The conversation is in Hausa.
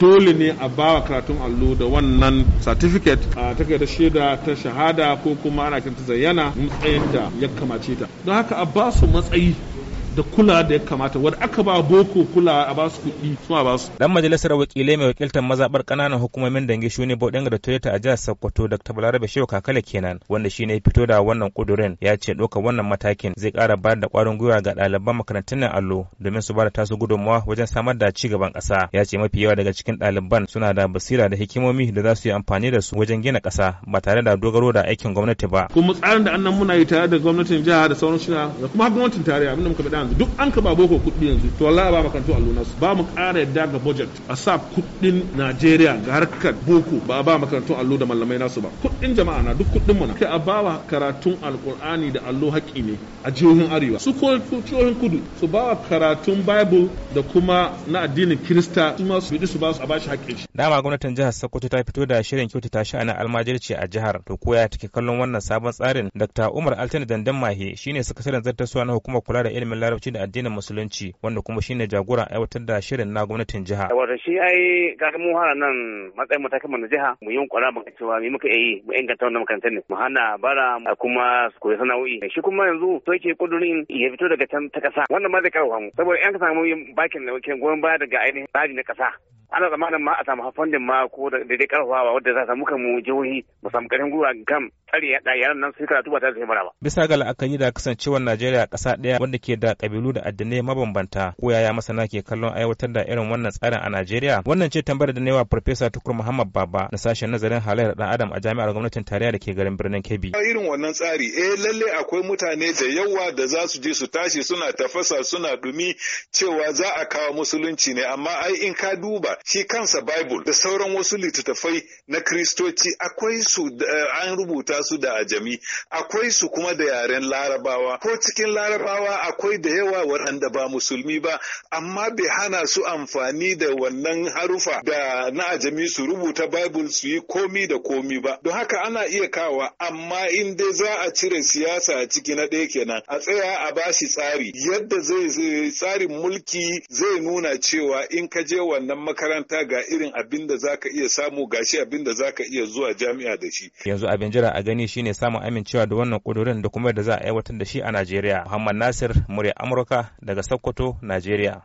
dole ne a bawa karatun allo da wannan certificate a takardar shaida ta shahada ko kuma ana kanta zayyana matsayin da ya kamace ta don haka a ba su matsayi da kula da ya kamata wadda aka ba boko kula a ba su kuɗi su a ba su. Dan majalisar wakilai mai wakiltar mazabar kananan hukumomin dange shuni Bodin da Toyota a jihar Sokoto Dr. Balarabe Shehu Kakale kenan wanda shi ne fito da wannan kudurin ya ce ɗaukar wannan matakin zai kara ba da ƙwarin gwiwa ga ɗaliban makarantun nan allo domin su ba da tasu gudunmawa wajen samar da ci gaban ƙasa. Ya ce mafi yawa daga cikin ɗaliban suna da basira da hikimomi da za su yi amfani da su wajen gina ƙasa ba tare da dogaro da aikin gwamnati ba. Kuma tsarin da annan muna yi tare da gwamnatin jiha da sauran da kuma gwamnatin tarayya abinda muka faɗa duk an ka ba boko kuɗi yanzu to wallahi ba makarantu allo nasu ba mu ƙara yadda ga budget a sa kuɗin Najeriya ga harkar boko ba ba makarantu allo da mallamai nasu ba kuɗin jama'a na duk kuɗin mu na kai a bawa karatun alkur'ani da allo haƙi ne a jihohin arewa su ko jihohin kudu su bawa karatun bible da kuma na addinin kirista su ma su su ba su a bashi haƙƙin shi dama gwamnatin jihar Sokoto ta fito da shirin kyautata sha'anin almajirci a jihar to koya take kallon wannan sabon tsarin Dr. Umar Altani Dandan Mahe shine sakataren zartaswa na hukumar kula da ilimin larabci da addinin musulunci wanda kuma shine jagora aiwatar da shirin na gwamnatin jiha wato shi ai kaga mu hana nan matsayin mu ta jiha mu yi kwara mu cewa me muka yi mu inganta wannan makarantar ne mu hana bara kuma su koyi sana'o'i shi kuma yanzu to yake kudurin ya fito daga can ta kasa wannan ma zai kawo mu saboda yan ka samu bakin da goyon baya daga ainihin tsari na kasa ana zamanin ma a samu funding ma ko da dai karfafawa wadda za samu kan mu jihohi mu samu karin gwiwa kan ya yaran nan sai karatu ba ta zai mara ba bisa ga la'akari da kasancewar Najeriya kasa daya wanda ke da kabilu da addinai mabambanta ko yaya masana ke kallon aiwatar da irin wannan tsarin a Najeriya wannan ce tambayar da newa Farfesa Tukur Muhammad Baba na sashen nazarin halayyar dan Adam a jami'ar gwamnatin tarayya da ke garin birnin Kebbi irin wannan tsari e lalle akwai mutane da yawa da za su je su tashi suna tafasa suna dumi cewa za a kawo musulunci ne amma ai in ka duba shi kansa Bible da sauran wasu littattafai na Kiristoci akwai su eh, an rubuta su da ajami, akwai su kuma da yaren Larabawa, ko cikin Larabawa akwai da yawa waɗanda ba musulmi ba, amma bai hana su amfani da wannan harufa da na ajami su rubuta Bible su yi komi da komi ba. Don haka ana iya kawa, amma in dai za a cire siyasa a ciki na ɗaya kenan, a tsaya a bashi tsari, yadda zai tsarin mulki zai nuna cewa in ka je wannan makarantar makaranta ga irin abin da za ka iya samu ga shi abin da za ka iya zuwa jami'a da shi. Yanzu abin jira a gani shine samun amincewa da wannan kudurin da kuma da za a aiwatar da shi a Najeriya. Muhammad Nasir, murya Amurka daga Sokoto, Najeriya.